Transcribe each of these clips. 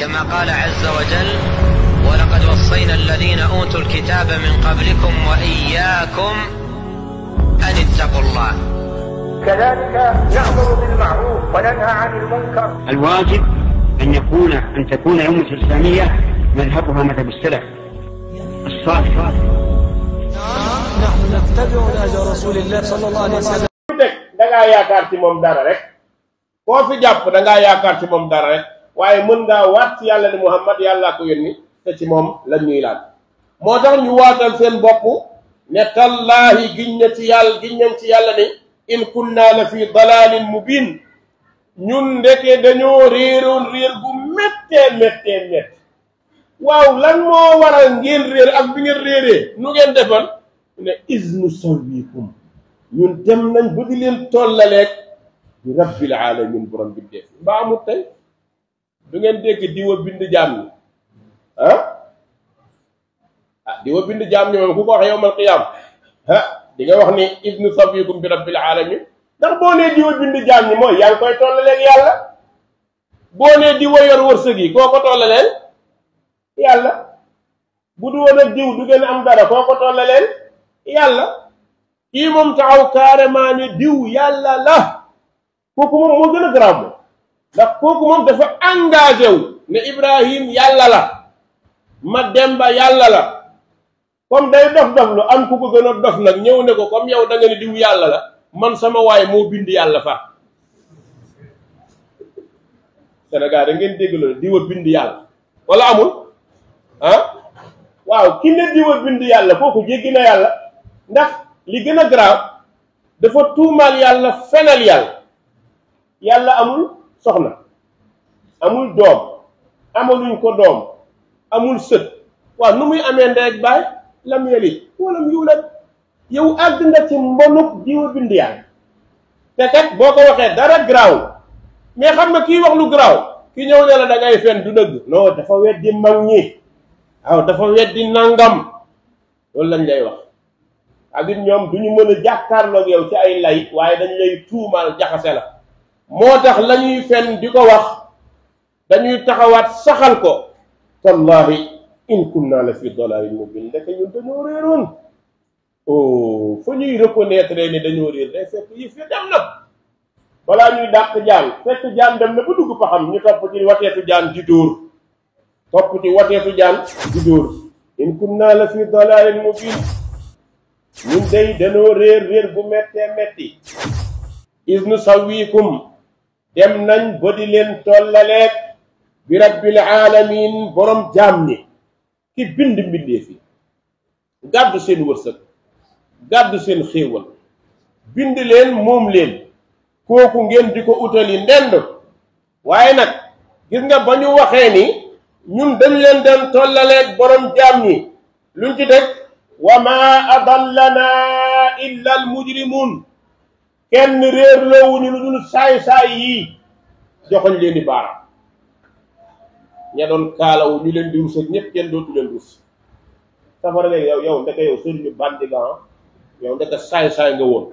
كما قال عز وجل ولقد وصينا الذين أوتوا الكتاب من قبلكم وإياكم أن اتقوا الله كذلك نأمر بالمعروف وننهى عن المنكر الواجب أن يكون أن تكون أمة الإسلامية مذهبها مذهب السلف الصالح نحن نتبع الأجر رسول الله صلى الله عليه وسلم da يا كارتي ci moom dara rek koo fi jàpp waaye mën ngaa waat ci yàlla ne Muhammad yàllaa ko yónni te ci moom lañ ñuy laaj moo tax ñu waatal seen bopp ne tallaahi giñ na ci yàlla giñ nañ ci yàlla ne in kunna la fi dalalin mubin ñun ndeke dañoo réeroon réer bu méttee méttee métt waaw lan moo waral ngeen réer ak bi ngeen réeree nu ngeen defal ne iznu sawwikum ñun dem nañ ba di leen tollaleeg bi rabbil alamin borom bi def mbaa amut tey du ngeen dégg diwa bind jaam ñi ah ah diwa bind jaam ñi moom ku ko wax yowmal qiyaam di nga wax ni ibnu safikum bi rabbil alamin ndax boo nee diwa bind jaam ñi mooy yaa ngi koy tollaleeg yàlla boo nee diwa yor wërsëg yi koo ko tollaleen yàlla bu du woon diw du ngeen am dara koo ko tollaleen yàlla kii moom taxaw carrément ni diw yàlla la kooku moom moo gën a garaaw ndax kooku moom dafa engagé wu ne Ibrahim yàlla la Mademba yàlla la comme day dof dof lu am ku ko gën a dof nag ñëw ne ko comme yow da nga ne diw yàlla la man sama waay moo bind yàlla fa Sénégal da ngeen dégg loolu diwa bind yàlla wala amul waaw ki ne diwa bind yàlla kooku jéggi na yàlla ndax li gën a grave dafa tuumaal yàlla fenal yàlla yàlla amul soxna amul doom amaluñ ko doom amul sët waaw nu muy amee ndey baay lam walla walam yuulat yow àgg nga ci mbonuk diwa bindiyaan te kat boo ko waxee dara garaaw mais xam na kii wax lu garaaw ki ñëw ne la da ngay fen du dëgg non dafa weddi mag ñi waaw dafa weddi nangam loolu lañ lay wax ak it ñoom du ñu mën a jàkkaarloog yow ci ay lay waaye dañ lay tuumaal jaxase la motax lañuy fenn diko fen wax dañuy taxawat saxal ko tallahi in kunna la fi dalalin mubin ndeke ñun reeron oh fa ñuy reconnaître ni dañu reer day fekk yi fi ya dem na bala ñuy dakk jaan fekk jaan dem na ba dugg xam ñu top ci watetu jaan di door top ci watetu jaan di door in kunna la fi dalalin mubin ñun day dañu reer reer bu metti metti Iznu dem nañ ba di leen tollaleeg bi rabbil alamin borom jamni ñi ki bind mbinde fi gàddu sen wërsëg gàddu sen xewal bind len mom len koku ngeen diko ko utali ndend waye nak gis nga bañu waxe ni ñun dañ len dem tolale borom jamni luñ ci tek wa ma adallana illa al mujrimun kenn reer réer wuñu lu dul say say yi joxoñ leen di baaraam ña doon wu ñu leen di rus ak kenn do tu leen rus safara léegi yow yow ndeke yow ñu bandi nga ah yow ndeke say say nga woon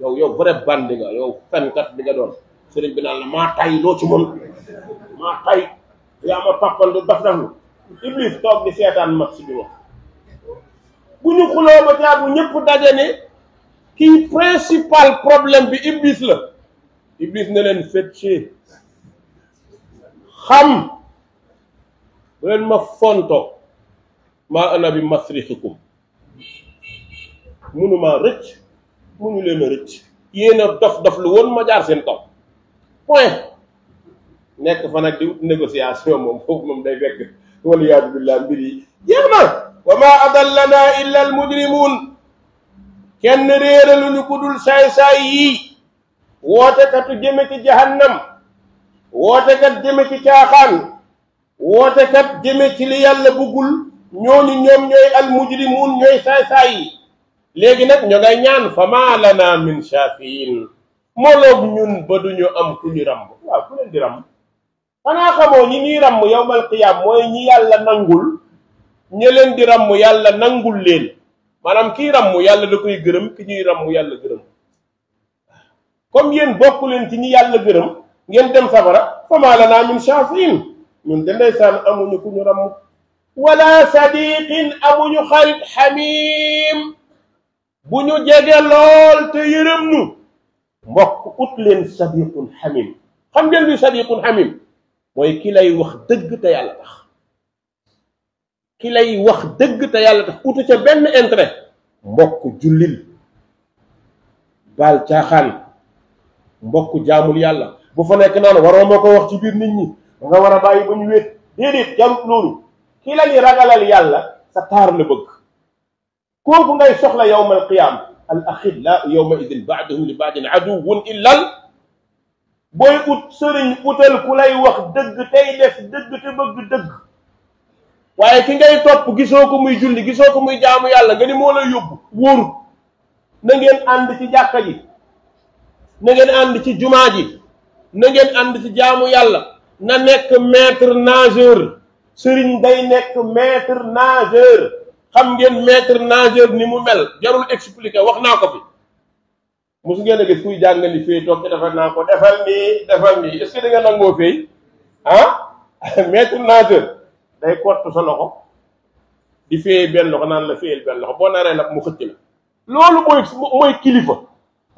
yow yow vrai bandi nga yow fen kat bi nga doon sëriñ bi naan la maa tay lo ci mom ma tay ya ma papal pappandu daf daflu iblis tok di setan mag ci bi wax bu ñu xuloo ba caabu ñëpp daje ne kii principal problème bi iblis la iblis ne leen fecci xam bu leen ma fonto maa ana bi masrixikum munumaa rëcc munu leen a rëcc yéen a dof dof lu woon ma jaar seen kaw point nekk fa nag di négociation moom foofu moom day fekk waliyaadu billah mbir yi jeex na wa ma adallana illa al mujrimun kenn réeraluñu ku dul saay-saay yii wootekatu jëme ci jahannam wootekat jëme ci caaxaan wootekat jëme ci li yàlla bëggul ñooñu ñoom ñooy almujrimuun ñooy saay-saay yi léegi nag ñoo ngay ñaan fama lana min shafiin moloog ñun ba duñu am ku ñu ràmb waaw ku leen di ràmb xanaa xamoo ñi ñuy ràmm yowmal qiyaam mooy ñi yàlla nangul ñi di ràmm yàlla nangul leen manam ki ramu yàlla da koy gërëm ki ñuy ramu yàlla gërëm comme yéen bokku len ci ñi yàlla gërëm ngeen dem safara famaa na min shafin ñun de ndeysaan amuñu ku ñu ramu wala sadiqin amuñu kharib hamim bu ñu jégué lol te yërëm nu mbokk ut len sadiqun hamim xam ngeen bi sadiqun hamim moy ki lay wax deug te yàlla tax ki lay wax deug ta yàlla tax outu ca ben intérêt mbokk jullil baal caaxaan mbokk jaamul yàlla bu fa nek non waro ma wax ci bir nit ñi nga wara bàyyi ba ñu wéet déedéet jam lolu ki lay ragalal yàlla sa tar la bëgg kooku ngay soxla yowma qiyam al axillaa yawma idin ba'dahu li ba'din aduwun illa boy ut serigne utal kulay wax deug tay def deug te bëgg deug waye ki ngay top gisoko muy julli gisoko muy jaamu yalla nga ni moo lay yobbu wor na ngeen and ci jakka ji na ngeen and ci juma ji na ngeen and ci jaamu yalla na nek maître nageur serigne day nek maître nageur xam ngeen maître nageur ni mu mel jarul expliquer waxna ko fi mus ngeen a fuy jangali fi fii defal na ko defal ni defal ni est ce que da nga nangoo fay ah maître nageur day kottu sa loxo di féey benn loxo naan na féeyal benn loxo boo naree nag mu xëcc la loolu mooy mooy kilifa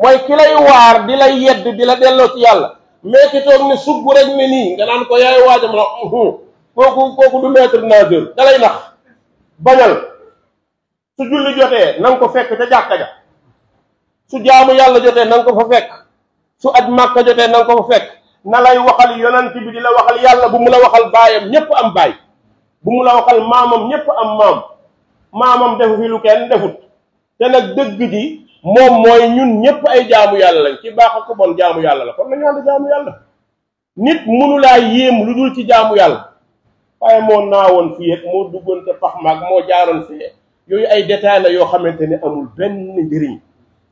mooy ki lay waar di lay yedd di la delloo ci yàlla mais ki toog ne sugg rek ne nii nga naan ko yaay waajam la kooku kooku du maître nageur da lay nax bañal su julli jotee na nga ko fekk ca jàkka ja su jaamu yàlla jotee na nga ko fa fekk su aj màkka jotee na nga ko fa fekk na lay waxal yonent bi di la waxal yàlla bu mu la waxal baayam ñépp am baay bu mu la waxal maamam ñépp am maam maamam defu fi lu kenn defut te nag dëgg ji moom mooy ñun ñépp ay jaamu yàlla lañ ci baax ak bon jaamu yàlla la kon nañu ànd jaamu yàlla nit mënu laa yéem lu dul ci jaamu yàlla waaye moo naawoon fii ak moo duggoon te pax maag moo jaaroon fee yooyu ay détails la yoo xamante ne amul benn njëriñ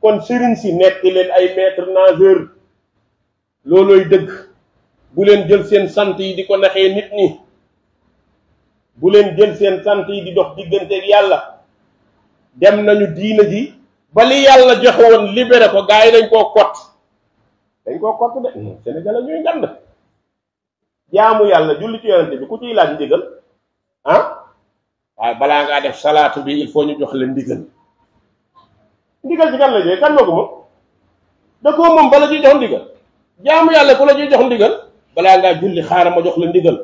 kon sëriñ si nekk leen ay maître nageur loolooy dëgg bu leen jël seen sant yi di ko naxee nit ñi bu leen jël seen sant yi di dox digganteeg yàlla dem nañu diina ji ba yàlla joxe woon libéré ko gars yi dañ koo kott dañ koo kott de hmm, Sénégal yàlla julli ci yonente bi ku ciy laaj ah waaye balaa ngaa def salaatu bi il faut ñu jox la ndigal ndigal ci kan la jógee ko moom da koo moom bala ciy jox ndigal jaamu yàlla ku la ciy jox ndigal balaa ngaa julli xaaral ma jox la ndigal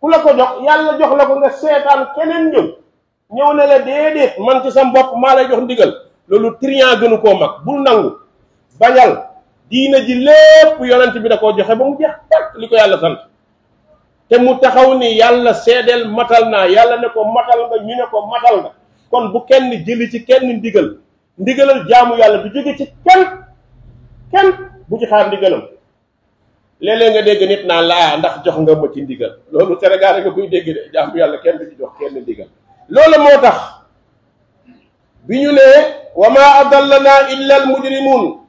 ku la ko jox yàlla jox la ko nga seetaan keneen ñëw ñëw ne la déedéet man ci sa bopp maa lay jox ndigal loolu triant gënu koo mag bu nangu bañal diina ji lépp yonent bi da koo joxe ba mu jeex tak li ko yàlla sant te mu taxaw ni yàlla seedeel matal naa yàlla ne ko matal nga ñu ne ko matal nga kon bu kenn jëli ci kenn ndigal ndigalal jaamu yàlla du jóge ci kenn kenn bu ci xaar ndigalam lélé nga dégg nit naan la ah ndax jox nga ma ci ndigal loolu Sénégal nga koy dégg de jàmm yàlla kenn du ci jox kenn ndigal loolu moo tax bi ñu ne wa ma adallana illa al mujrimun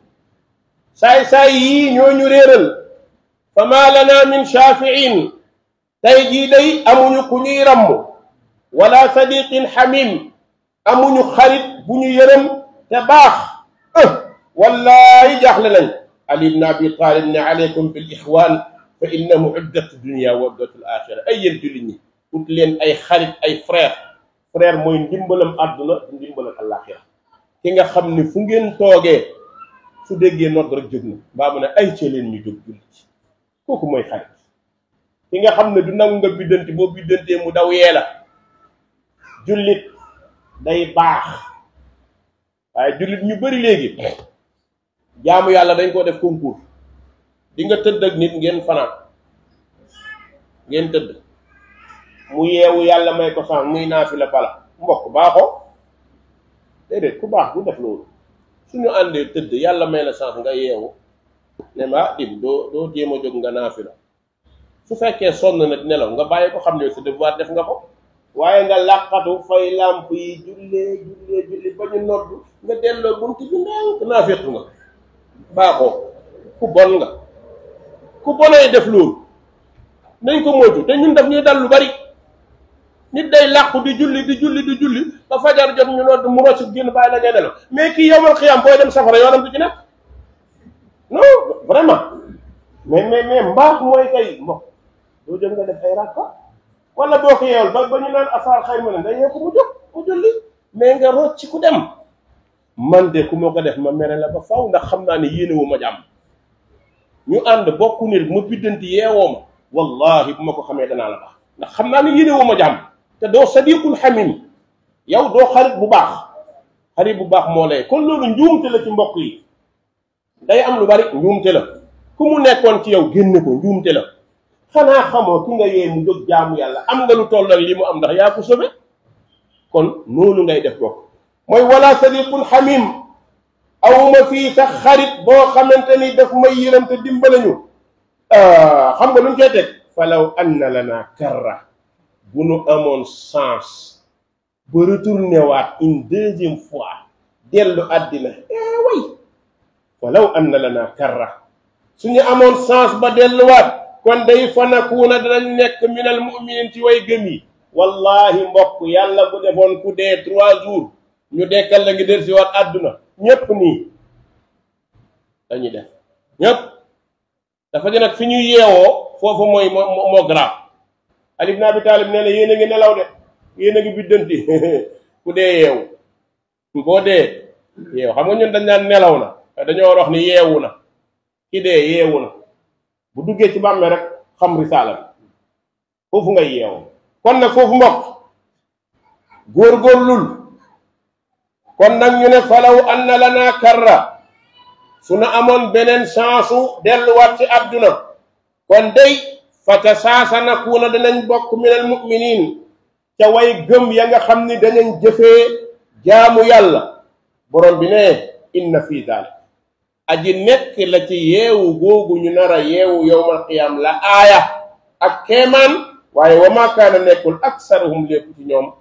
say say yi ñoo ñu réeral fa ma lana min shafiin tay ji day amuñu ku ñuy ramm wala sadiqin hamim amuñu xarit bu ñu yërëm te baax wallahi jaxle lañ علي بن ابي طالب ne aleykum bil ixwaan fa innahu uddatu dunia wa uddatu alaaxira ay yéen jullit ñi ut leen ay xarit ay frère frère mooy ndimbalam àdduna ndimbalam alaaxira ki nga xam ne fu ngeen toogee su déggee nodd rek jóg na mbaa mu ne ay cee leen ñu jóg jullit kooku mooy xarit ki nga xam ne du nangu nga biddanti boo biddantee mu daw yee la jullit day baax waaye jullit ñu bari léegi jaamu yàlla dañ ko def concours di nga tëdd ak nit ngeen fanaan ngeen tëdd mu yeewu yàlla may ko sànq muy naafila bala mbokk baaxoo déedéet ku baax du def loolu suñu àndee tëdd yàlla may la sànq nga yeewu ne ma dim ah, doo doo jéem a jóg nga naafila su fekkee sonn na nelaw nga bàyyi ko xam ne sa devoir def nga ko waaye nga làqatu fay làmp yi jullee jullee julli ba ñu nodd nga delloo buntu bi naaw naafiqu nga baaxoo ku bon nga ku bonee def loolu nañ ko moytu te ñun daf ñuy dal lu bari nit day làqu di julli di julli di julli ba fajar jot ñu nodd mu rocc génn bàyyi la ngay mais kii yowmal xiyam booy dem safara yoonam du ci nekk non vraiment mais mais mais mbaax mooy kay mbokk doo jëm nga def ay rakka wala boo ko yeewal ba ñu naan asaar xay mu ne nga yee ko mu jóg mu julli mais nga rocc ku dem man de ku moko def ma mere la ba faw ndax xamna ni yene wu ma jam ñu ànd bokku nit ma biddanti yewom wallahi bu mako xame dana la baax ndax xamna ni yene wu ma jam te do sadiqul hamim yow do xarit bu bax xarit bu bax mo lay kon lolu njumte la ci mbokk yi day am lu bari njumte la ku mu nekkon ci yow genné ko njumte la xana xamo ki nga yee mu jóg jaamu yàlla am nga lu tollal ak li mu am ndax ya ko sobe kon nonu ngay def bokk moy wala sadiqul hamim aw ma fi takharit bo xamanteni daf may yiram te dimbalañu xam nga luñ koy teg falaw an lana karra bu nu amoon sens ba retourner wat une deuxième fois delu adina eh way falaw an lana karra suñu amoon sens ba wat kon day fanakuuna danañ nekk minal muminin ci way gemi wallahi mbok yàlla bu defoon ku de 3 jours ñu dekkal la ngi del si waat àdduna ñépp nii dañuy def ñépp dafa di nag fi ñuy yeewoo foofu mooy moo moo grave Ali ibn Abi Talib nee na yéen a ngi nelaw de yéen a ngi biddanti ku dee yeewu boo dee yeewu xam nga ñun dañ naan nelaw na dañoo war wax ni yeewu na ki dee yeewu na bu duggee ci bàmmee rek xam risaala bi foofu ngay yeewu kon nag foofu mbokk góorgóorlul kon nag ñu ne falaw anna lana karra su na amoon beneen chance u delluwaat ci àdduna kon day fata saasa nakuuna danañ bokk minal muminin ca way gëm ya nga xam ni danañ jëfee jaamu yàlla borom bi ne inna fii daalik aji nekk la ci yeewu googu ñu nara a yeewu yowmal qiyaam la aaya ak keemaan waaye wa maa kaana nekkul aksaruhum lépp ci ñoom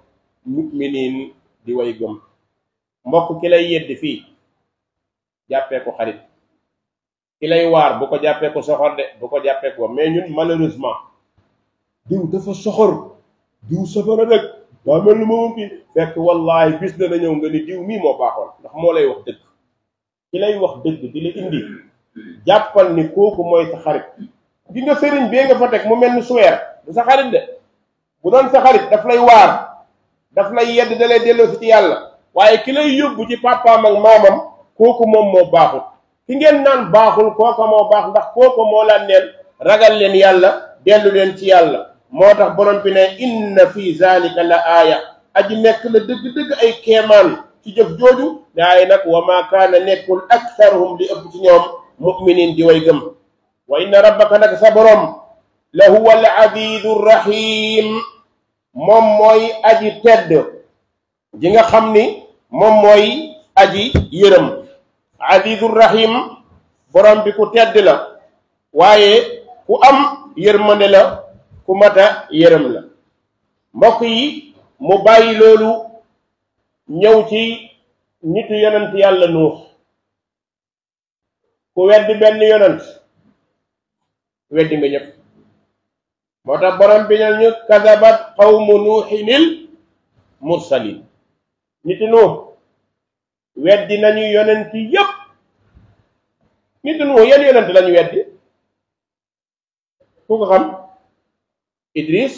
muminin di way gëm mbokk ki lay yedd fii jàppee ko xarit ki lay waar bu ko jàppee ko soxor de bu ko jàppee ko mais ñun malheureusement diw dafa soxor diw safara nag daa mel ni mu ki fekk wallahi bis na ñëw nga ni diw mii moo baaxoon ndax moo lay wax dëgg ki lay wax dëgg di la indi jàppal ni kooku mooy sa xarit di nga sëriñ bee nga fa teg mu mel ni suweer du sa xarit de bu doon sa xarit daf lay waar daf lay yedd da lay delloo si ci yàlla waye ki lay yóbbu ci papa ak maamam koku mom mo baxul ki ngeen nan baxul koku mo bax ndax koku mo la neen ragal len yàlla delu len ci yàlla motax borom bi ne inna fi zalika la aya aji nek la deug deug ay keman ci jëf joju day nak wa maa kaana nekkul li ëpp ci ñoom muminin di way gëm wa inna rabbaka nak sa borom la huwa al azizur rahim mom moy aji tedd gi nga xamni moom mooy aji yërëm azizur rahim borom bi ku tedd la waaye ku am yërmëne la ku mata yërëm la mbokk yi mu bàyyi loolu ñëw ci nitu yonent yàlla nuux ku weddi benn yonent weddi nga ñëpp moo borom bi ne ñu kazabat qawmu nuuxinil mursalin niti nuux weddi nañu yonent yépp niti nuux yenn yonent lañu weddi ku ko xam Idris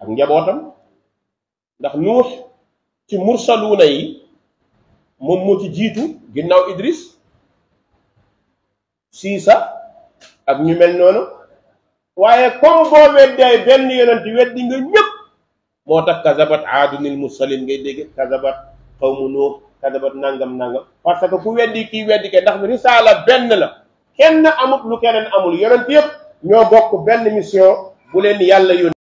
ak njabootam ndax nuux ci mursaluuna yi moom moo ci jiitu ginnaaw Idris siisa ak ñu mel noonu waaye comme boo weddee benn yonent weddi nga ñépp moo tax kazabat aadunil mursalin ngay dégg kazabat xawmu nuux kazabat nangam nangam parce que ku weddi kii weddi ke ndax risaala benn la kenn amut lu keneen amul yonent yëpp ñoo bokk benn mission bu leen yàlla yónni